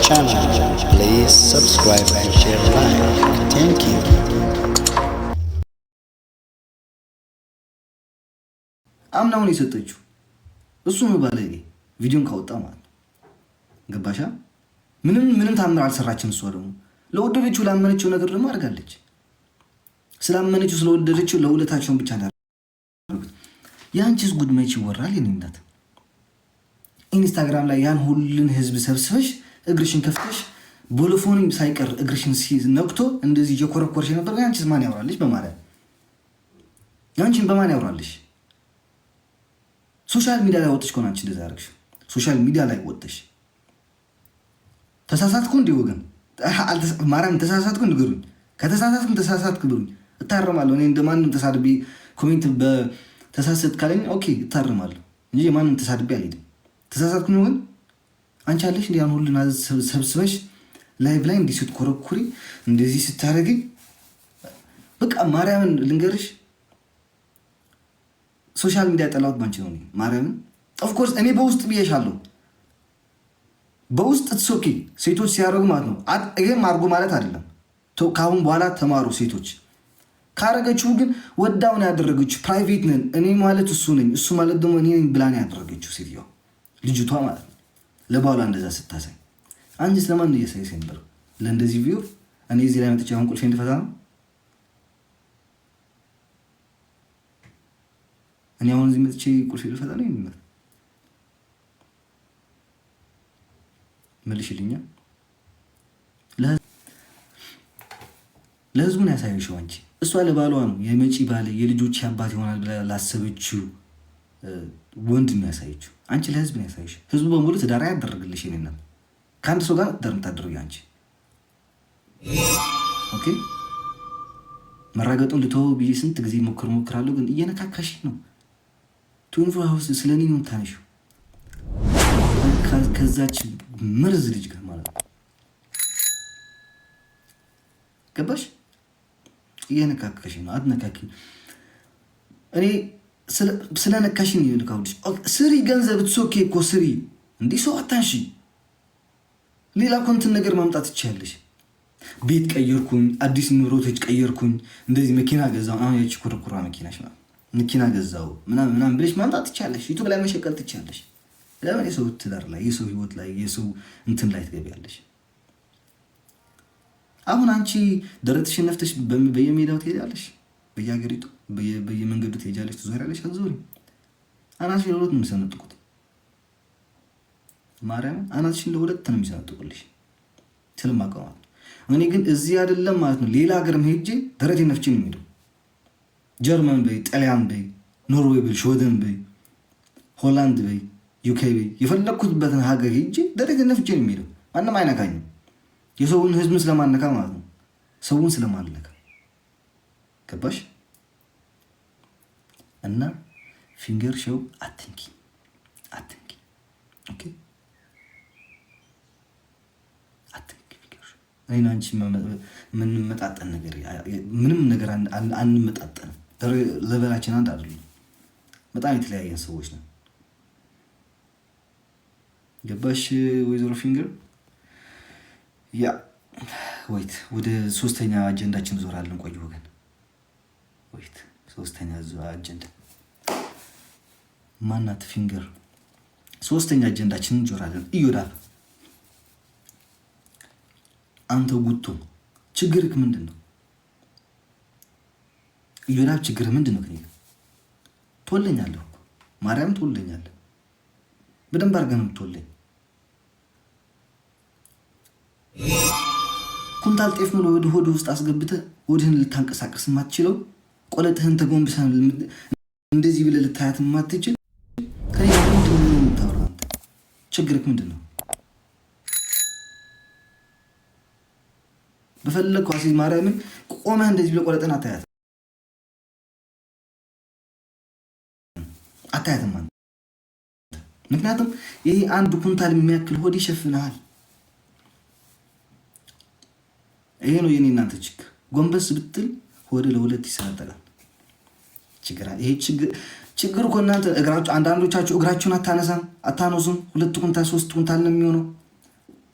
channel. Please subscribe and share like. Thank you. አምናውን የሰጠችው እሱ ነው ባለ ቪዲዮን ካወጣ ማለት ነው። ገባሻ? ምንም ምንም ታምር አልሰራችም። እሷ ደግሞ ለወደደችው ላመነችው ነገር ደግሞ አድርጋለች። ስላመነችው ስለወደደችው ለውለታቸውን ብቻ እንዳደረጉት የአንቺስ ጉድ መች ይወራል? የኔ እናት ኢንስታግራም ላይ ያን ሁሉን ህዝብ ሰብስበሽ እግርሽን ከፍተሽ ቦሎፎንም ሳይቀር እግርሽን ነቅቶ እንደዚህ እየኮረኮርሽ ነበር። አንቺስ ማን ያውራልሽ በማለት ያንቺን በማን ያውራልሽ? ሶሻል ሚዲያ ላይ ወጥሽ ከሆነ አንቺ እንደዛ ያደረግሽ ሶሻል ሚዲያ ላይ ወጥሽ ተሳሳትኩ እንዲ ወገን ማርያም ተሳሳትኩ እንድገሩኝ ከተሳሳትኩ ተሳሳትኩ ብሩኝ እታረማለሁ። እኔ እንደማንም ተሳድቤ ኮሜንት በተሳሰት ካለኝ ኦኬ እታረማለሁ እንጂ የማንም ተሳድቤ አልሄድም። ተሳሳትኩ ነው ግን አንቺ አለሽ እንዲህ ያን ሁሉ ሰብስበሽ ላይቭ ላይ እንዲህ ስትኮረኩሪ እንደዚህ ስታደርግኝ በቃ ማርያምን ልንገርሽ፣ ሶሻል ሚዲያ ጠላሁት ባንቺ ነው። ማርያምን ኦፍኮርስ እኔ በውስጥ ብዬሻለሁ። በውስጥ ትሶኪ ሴቶች ሲያደርጉ ማለት ነው። ይህም አድርጎ ማለት አይደለም። ከአሁን በኋላ ተማሩ ሴቶች። ካረገችው ግን ወዳውን ያደረገችው ፕራይቬት ነን እኔ ማለት እሱ ነኝ እሱ ማለት ደግሞ እኔ ብላን ያደረገችው ሴትዮዋ ልጅቷ ማለት ነው። ለባሏ እንደዛ ስታሳይ አንቺስ ለማን እያሳይሽ የነበረው? ለእንደዚህ ቪው እኔ እዚህ ላይ መጥቼ አሁን ቁልፌ እንድፈታ ነው። እኔ አሁን እዚህ መጥቼ ቁልፌ ልፈታ ነው የሚመር መልሽልኛ። ለህዝቡ ነው ያሳየሽው አንቺ። እሷ ለባሏ ነው የመጪ ባል የልጆች አባት ይሆናል ብላ ላሰበችው ወንድ ነው ያሳየችው። አንቺ ለህዝብ ነው ያሳየች። ህዝቡ በሙሉ ትዳር ያደረግልሽ ይንናል። ከአንድ ሰው ጋር ትዳር የምታደርጊ አንቺ። ኦኬ መራገጡን ልተወው ብዬ ስንት ጊዜ ሞክር ሞክራለሁ፣ ግን እየነካካሽ ነው። ቱንፎ ሀውስ ስለ እኔ ነው የምታነሺው፣ ከዛች መርዝ ልጅ ጋር ማለት ነው። ገባሽ? እየነካካሽ ነው። አትነካኪ እኔ ስለነካሽኝ ልካሁልሽ። ስሪ ገንዘብ ትሶኬ እኮ ስሪ። እንዲህ ሰው አታንሺ። ሌላ ኮንትን ነገር ማምጣት ትችያለሽ። ቤት ቀየርኩኝ፣ አዲስ ንብረቶች ቀየርኩኝ፣ እንደዚህ መኪና ገዛው። አሁን ያቺ ኩርኩራ መኪናሽ መኪና ገዛው ምናምን ምናምን ብለሽ ማምጣት ትችያለሽ። ዩቱብ ላይ መሸቀል ትችያለሽ። ለምን የሰው ትዳር ላይ የሰው ህይወት ላይ የሰው እንትን ላይ ትገቢያለሽ? አሁን አንቺ ደረትሽን ነፍተሽ በየሜዳው ትሄዳለሽ። በየሀገሪቱ በየመንገዱ ትሄጃለች፣ ትዞሪያለች፣ አትዞሪም። አናትሽ ለሁለት ነው የሚሰነጥቁት። ማርያም አናትሽን ለሁለት ነው የሚሰነጥቁልሽ። ስለማቀማት እኔ ግን እዚህ አይደለም ማለት ነው ሌላ ሀገር ሄጄ ደረቴ ነፍቼ ነው የሚሄደው። ጀርመን በይ፣ ጣሊያን በይ፣ ኖርዌይ በይ፣ ሾደን በይ፣ ሆላንድ በይ፣ ዩኬ በይ፣ የፈለግኩትበትን ሀገር ሄጄ ደረቴ ነፍቼ ነው የሚሄደው። ማንም አይነካኝም። የሰውን ህዝብን ስለማነካ ማለት ነው ሰውን ስለማነካ ገባሽ? እና ፊንገር ሸው አትንኪ አትንኪ አትንኪ ፊንገር ሸው እኔን አንቺ የምንመጣጠን ነገር ምንም ነገር አንመጣጠንም። ለበላችን አንድ አይደሉም። በጣም የተለያየን ሰዎች ነው። ገባሽ ወይዘሮ ፊንገር ያ ወይት ወደ ሶስተኛ አጀንዳችን ዞራለን። ቆይ ወገን ወይት ሶስተኛ አጀንዳ ማናት? ፊንገር ሶስተኛ አጀንዳችን እንጆራለን። እዮዳ አንተ ጉቶ ችግርክ ምንድን ነው? እዮዳብ ችግር ምንድን ነው? ከኔ ትወለኛለህ፣ ማርያም ትወለኛለህ። በደንብ አድርገህ ነው የምትወለኝ። ኩንታል ጤፍ ነው ወደ ሆድ ውስጥ አስገብተህ ሆድህን ልታንቀሳቀስ የማትችለው ቆለጥህን ተጎንብሳ እንደዚህ ብለህ ልታያት የማትችል የምታወራው ችግርህ ምንድን ነው? በፈለግከው ሴት ማርያምን ቆመህ እንደዚህ ብለህ ቆለጥህን አታያትም፣ አታያትም። ምክንያቱም ይሄ አንድ ኩንታል የሚያክል ሆድ ይሸፍንሃል። ይሄ ነው የኔ እናንተ ችግር። ጎንበስ ብትል ወደ ለሁለት ይሰነጠቃል። ይሄ ችግር እኮ እናንተ እግራችሁ አንዳንዶቻችሁ እግራችሁን አታነሳም አታነሱም። ሁለት ኩንታል ሶስት ኩንታል ነው የሚሆነው።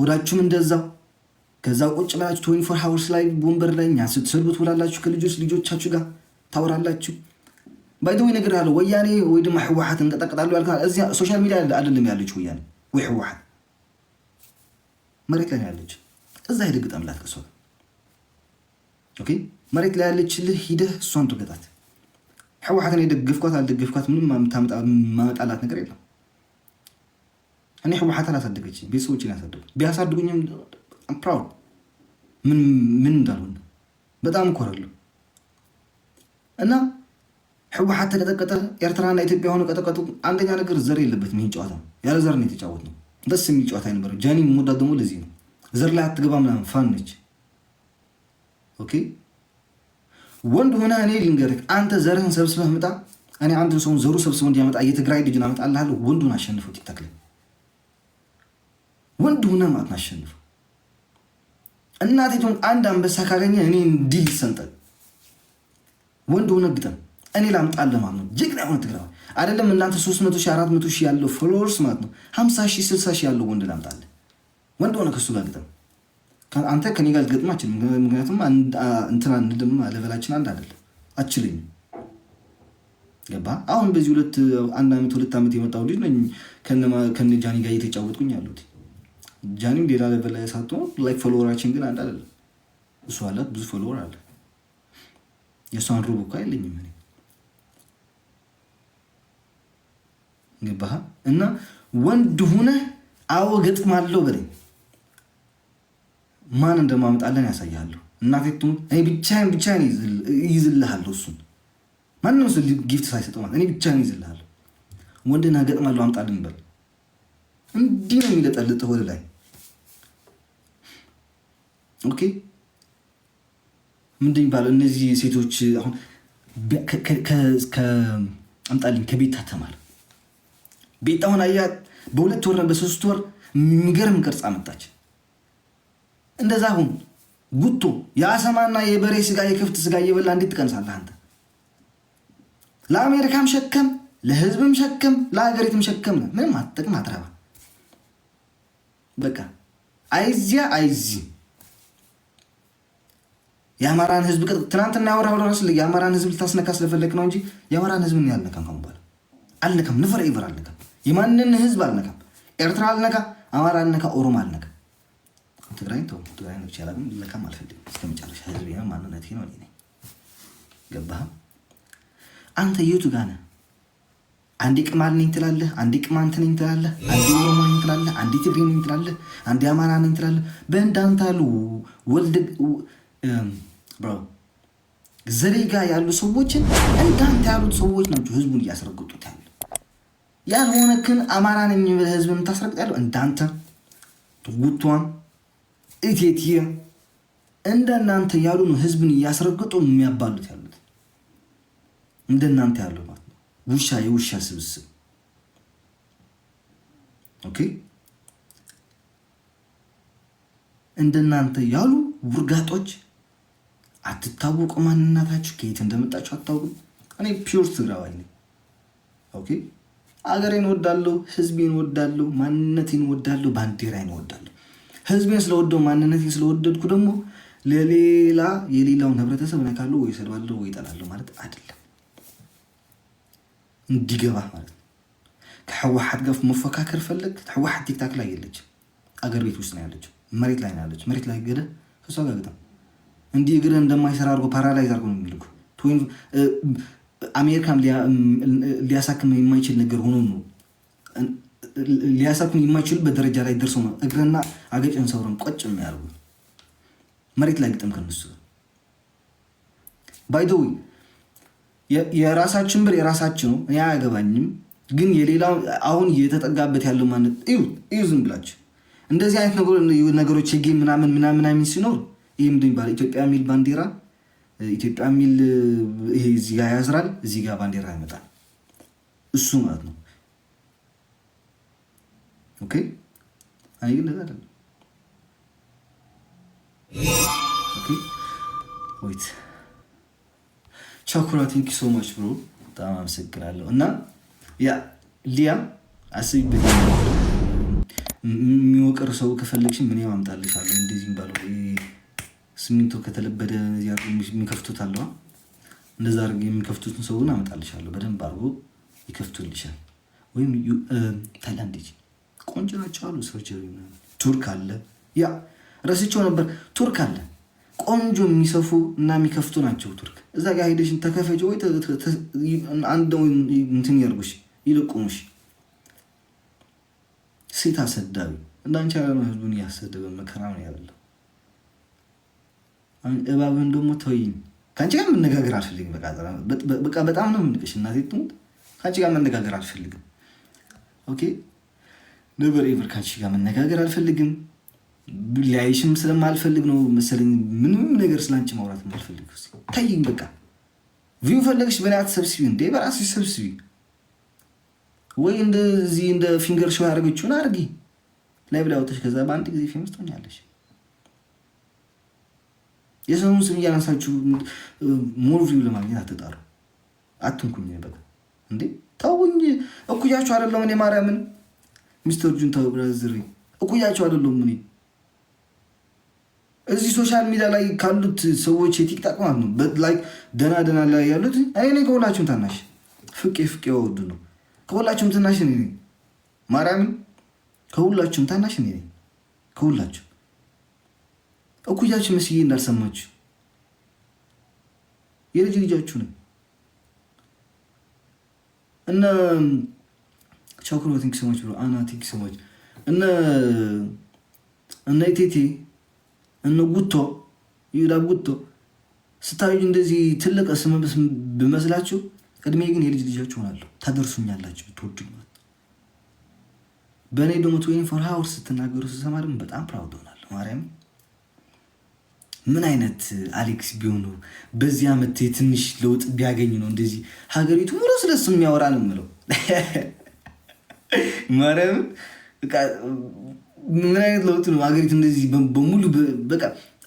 ወዳችሁም እንደዛው ከዛ ቁጭ ብላችሁ ትዌንቲ ፎር ሀውርስ ላይ ወንበር ላይ እኛ ስትሰሩ ትውላላችሁ። ከልጆች ልጆቻችሁ ጋር ታወራላችሁ። ባይደዊ ነገር ያለው ወያኔ ወይ ድማ ህወሓት እንቀጠቅጣሉ ያልከ እዚ ሶሻል ሚዲያ አይደለም ያለች ወያኔ ወይ ህወሓት መሬት ላይ ያለች እዛ ሄደግጥ አምላክ ኦኬ መሬት ላይ ያለችልህ ሂደህ እሷን ትገጣት። ሕወሓትን የደግፍኳት አልደግፍኳት ምንም ማመጣላት ነገር የለም። እኔ ሕወሓት አላሳደገች ቤተሰቦችን ያሳደጉ ቢያሳድጉኝም ፕራውድ ምን እንዳልሆነ በጣም እኮራለሁ። እና ሕወሓት ተቀጠቀጠ፣ ኤርትራና ኢትዮጵያ የሆነ ቀጠቀጡ። አንደኛ ነገር ዘር የለበትም። ይህን ጨዋታ ያለ ዘር ነው የተጫወት ነው። ደስ የሚል ጨዋታ አይነበረም። ጃኒ ሞዳ ደግሞ ለዚህ ነው ዘር ላይ አትገባ ምናምን ፋን ነች። ኦኬ ወንድ ሆነ እኔ ልንገርህ፣ አንተ ዘርህን ሰብስበህ ምጣ። እኔ አንድን ሰውን ዘሩ ሰብስበ እንዲያመጣ የትግራይ ልጅን አመጣልሃለሁ። ወንዱን አሸንፈው ቲክታክ ወንድ ሆነ ማለት አሸንፈው። እናቴቱን አንድ አንበሳ ካገኘ እኔ እንዲል ይሰንጠል። ወንድ ሆነ ግጠም እኔ ላምጣልህ ማለት ነው። ጀግና የሆነ ትግራዋይ አይደለም እናንተ 300 ሺህ 400 ሺህ ያለው ፎሎወርስ ማለት ነው። 50 ሺህ 60 ሺህ ያለው ወንድ ላምጣልህ። ወንድ ሆነ ከሱ ጋር ግጠም አንተ ከኔ ጋር ልገጥም አችልም። ምክንያቱም እንትና አንድም ለበላችን አንድ አይደለም፣ አችልኝ ገባ። አሁን በዚህ ሁለት አንድ ዓመት ሁለት ዓመት የመጣው ልጅ ነኝ ከነ ጃኒ ጋር እየተጫወጥኩኝ ያሉት። ጃኒም ሌላ ለበላ ሳትሆን ላይክ ፎሎወራችን ግን አንድ አይደለም። እሱ አላት ብዙ ፎሎወር አለ፣ የእሷን ሩብ እኮ አይለኝም እኔ ገባህ። እና ወንድ ሁነህ አወ ገጥማለሁ በለኝ ማን እንደማመጣለን ያሳያሉ። እናቴቱም እኔ ብቻዬን ብቻዬን ይዝልሃለሁ። እሱን ማንም ሰው ጊፍት ሳይሰጠው ማለት እኔ ብቻዬን ይዝልሃለሁ። ወንድና ገጥማለሁ አምጣልን በል። እንዲህ ነው የሚለጠልጥ ወደ ላይ። ኦኬ ምንድን እነዚህ ሴቶች አሁን አምጣልኝ ከቤት ታተማል ቤት አሁን አያ በሁለት ወር በሶስት ወር የሚገርም ቅርጽ አመጣች። እንደዛ ሁን ጉቶ የአሰማና የበሬ ስጋ የክፍት ስጋ እየበላ እንዴት ትቀንሳለህ አንተ? ለአሜሪካም ሸከም፣ ለህዝብም ሸከም፣ ለሀገሪትም ሸከም ነው። ምንም አትጠቅም፣ አትረባ። በቃ አይዚያ አይዚ የአማራን ህዝብ ትናንትና ያወራው ራስ የአማራን ህዝብ ልታስነካ ስለፈለግ ነው እንጂ የአማራን ህዝብ ያልነካም ከሙባል አልነካም፣ ንፈር ይበር አልነካም፣ የማንን ህዝብ አልነካም። ኤርትራ አልነካ፣ አማራ አልነካ፣ ኦሮሞ አልነካ። ትግራይ ተው ትግራይ ነው ይቻላል። ግን ለካም አልፈልግም እስከ መጨረሻ ህዝብ ያ ማንነት ነው እኔ ነኝ። ገባህ? አንተ የቱ ጋር ነህ? አንዴ ቅማል ነኝ ትላለህ፣ አንዴ ቅማንት ነኝ ትላለህ፣ አንዴ ኦሮሞ ነኝ ትላለህ፣ አንዴ ትግሬ ነኝ ትላለህ፣ አንዴ አማራ ነኝ ትላለህ። በእንዳንተ ያሉ ወልድ ዘሬ ጋር ያሉ ሰዎችን እንዳንተ ያሉት ሰዎች ናቸው ህዝቡን እያስረግጡት ያለ ያልሆነክን አማራ ነኝ ህዝብ የምታስረግጥ ያለው እንዳንተ ትጉቷን እቴትዬ እንደናንተ ያሉ ነው ህዝብን እያስረግጡ የሚያባሉት ያሉት እንደናንተ ያሉ ማለት ነው። ውሻ የውሻ ስብስብ ኦኬ። እንደናንተ ያሉ ውርጋጦች አትታወቁ። ማንነታችሁ ከየት እንደመጣችሁ አታውቁም። እኔ ፒውር ትግራዋይ ነኝ። ኦኬ አገሬን ወዳለሁ፣ ህዝቤን ወዳለሁ፣ ማንነቴን ወዳለሁ፣ ባንዲራዬን ወዳለሁ። ህዝቤን ስለወደው ማንነት ስለወደድኩ ደግሞ ለሌላ የሌላውን ህብረተሰብ ነካለሁ ወይ ሰድባለሁ ወይ እጠላለሁ ማለት አይደለም። እንዲገባ ማለት ነው። ከህወሓት ጋር መፎካከር ፈለግ ህወሓት ቲክታክ ላይ የለች፣ አገር ቤት ውስጥ ነው ያለችው፣ መሬት ላይ ነው መሬት ላይ ገደ ከሷ ጋር ግጠም። እንዲህ እግረ እንደማይሰራ አድርጎ ፓራላይዝ አድርጎ ነው የሚልኩ አሜሪካም ሊያሳክም የማይችል ነገር ሆኖ ነው ሊያሳኩን የማይችሉበት ደረጃ ላይ ደርሶ ነው እግርና አገጭን ሰብረን ቆጭ የሚያደርጉ መሬት ላይ ግጥም ከነሱ ባይዶዊ የራሳችን ብር የራሳችን ነው። እኔ አያገባኝም። ግን የሌላ አሁን እየተጠጋበት ያለው ማነት እዩ ዝም ብላችሁ እንደዚህ አይነት ነገሮች የጌ ምናምን ምናምን አይሚን ሲኖር ይህ ምንድን ይባላል? ኢትዮጵያ የሚል ባንዲራ ኢትዮጵያ የሚል ይሄ እዚህ ጋ ያዝራል፣ እዚህ ጋ ባንዲራ ያመጣል። እሱ ማለት ነው። ኦኬ። እኔ ግን እንደዛ አይደለም። ኦኬ ወይት ቻኩራ ቴንክ ሶ ማች ብሮ በጣም አመሰግናለሁ። እና ያ ሊያ አስቢበት፣ የሚወቅር ሰው ከፈለግሽ ምን አምጣልሻለሁ። እንደዚህ ባለው ስሚንቶ ከተለበደ የሚከፍቱት አለዋ እንደዛ አድርገ የሚከፍቱትን ሰውን አመጣልሻለሁ። በደንብ አድርጎ ይከፍቱልሻል። ወይም ታይላንድ ቆንጆ ናቸው አሉ። ሰርጀሪ ቱርክ አለ፣ ያ ረስቸው ነበር። ቱርክ አለ፣ ቆንጆ የሚሰፉ እና የሚከፍቱ ናቸው። ቱርክ እዛ ጋር ሄደሽን ተከፈጭ ወይ አንድ እንትን ያርጉሽ ይልቁሙሽ። ሴት አሰዳቢ እንዳንቺ ያለ ህዝቡን እያሰደበ መከራ ነው ያለው። እባብን ደግሞ ተወይኝ። ከአንቺ ጋር መነጋገር አልፈልግም። በቃ በጣም ነው የምንቅሽ። እናቴ ትሙት ከአንቺ ጋር መነጋገር አልፈልግም። ኦኬ ነበር ኤቨር ካንቺ ጋር መነጋገር አልፈልግም። ሊያይሽም ስለማልፈልግ ነው መሰለኝ። ምንም ነገር ስለአንቺ ማውራት ማልፈልግ ታይኝ። በቃ ቪው ፈለግሽ በላይ አትሰብስቢ እንዴ! በራስሽ ሰብስቢ። ወይ እንደዚህ እንደ ፊንገር ሾው ያደረገችውን አርጊ ላይ ብላ ወጥተሽ ከዛ በአንድ ጊዜ ፌመስ ትሆኛለሽ። የሰውን ስም እያነሳችሁ ሞር ቪው ለማግኘት አትጣሩ። አትንኩኝ። በቃ እንዴ ተውኝ። እኩያችሁ አይደለሁ እኔ ማርያምን ሚስተር ጁንታ ብራዘር እኩያቸው አይደለሁም ምን እዚህ ሶሻል ሚዲያ ላይ ካሉት ሰዎች የቲክታቅ ማለት ነው ላይ ደና ደና ላይ ያሉት እኔ ነኝ። ከሁላችሁም ታናሽ ፍቄ ፍቄ ወዱ ነው። ከሁላችሁም ታናሽ እኔ ማርያምን ከሁላችሁም ታናሽ እኔ ነኝ። ከሁላችሁ እኩያችሁ መስዬ እንዳልሰማችሁ የልጅ ልጃችሁ ነኝ እና ቻኩሮ ቲንክ ማች ብሎ አና ቲንክ ማች እነ እነ ኢቴቴ እነ ጉቶ ይሁዳ ጉቶ ስታዩ እንደዚህ ትልቅ ስም ብመስላችሁ ቅድሜ ግን የልጅ ልጃችሁ ሆናለሁ። ታደርሱኛላችሁ ብትወዱኝ ማለት ነው። በእኔ ደግሞ ፎር ሀወር ስትናገሩ ስሰማ ደግሞ በጣም ፕራውድ ሆናለሁ። ማርያም ምን አይነት አሌክስ ቢሆኑ በዚህ አመት ትንሽ ለውጥ ቢያገኝ ነው እንደዚህ ሀገሪቱ ሙሉ ስለሱ የሚያወራ ነው የምለው። ማርያም ምን አይነት ለውጥ ነው ሀገሪቱ እንደዚህ በሙሉ በቃ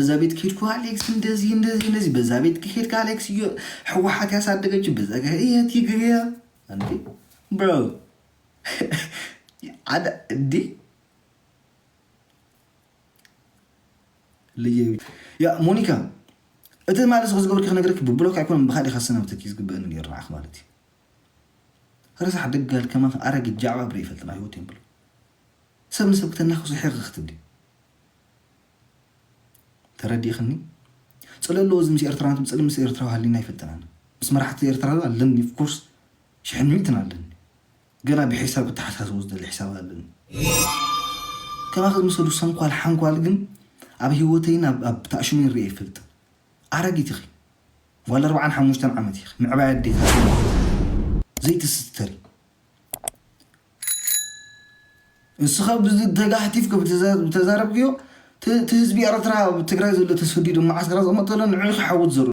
እዛ ቤት ከሄድኩ አሌክስ እንደዚህ እንደዚህ እንደዚህ በዛ ቤት ከሄድክ አሌክስ ህወሓት ያሳደገች በዛ ትግሪያ እንዴ ብሮ እንዴ ያ ሞኒካ እቲ ማለት ዝግበርከ ነገርክ ብብሎክ ኣይኮነ ብካሊእ ከሰናብተክ ዝግበአኒ ነሩ ማለት እዩ ርስሕ ደጋ ልከማ ኣረግ ጃዕባ ብረ ይፈልጥና ሂወት እዮም ብሎ ሰብ ንሰብ ክተናኽሱ ሕቂ ክትዲ ተረዲእኽኒ ፀለሎ እዚ ምስ ኤርትራ ትምፅሊ ምስ ኤርትራ ሃሊና ይፈልጥናን ምስ መራሕቲ ኤርትራ ኣለኒ ኮርስ ሽሕን ሚልትን ኣለኒ ገና ብሒሳብ ክተሓሳስቦ ዝደሊ ሒሳብ ኣለኒ ከማኸ ዝመሰሉ ሰንኳል ሓንኳል ግን ኣብ ሂወተይን ኣብ ተኣሽሙ ንርኢ ይፈልጥ ኣረጊት ኢኺ ዋላ 45 ዓመት ኢኺ ምዕባይ ኣዴታ زيت الستري نسخة بزد تقاحتي فيك بتزارب فيو تهزبي أرترها بتقرأي زلو تسفدي دو معاس قراز أما طولا نعيخ حاوت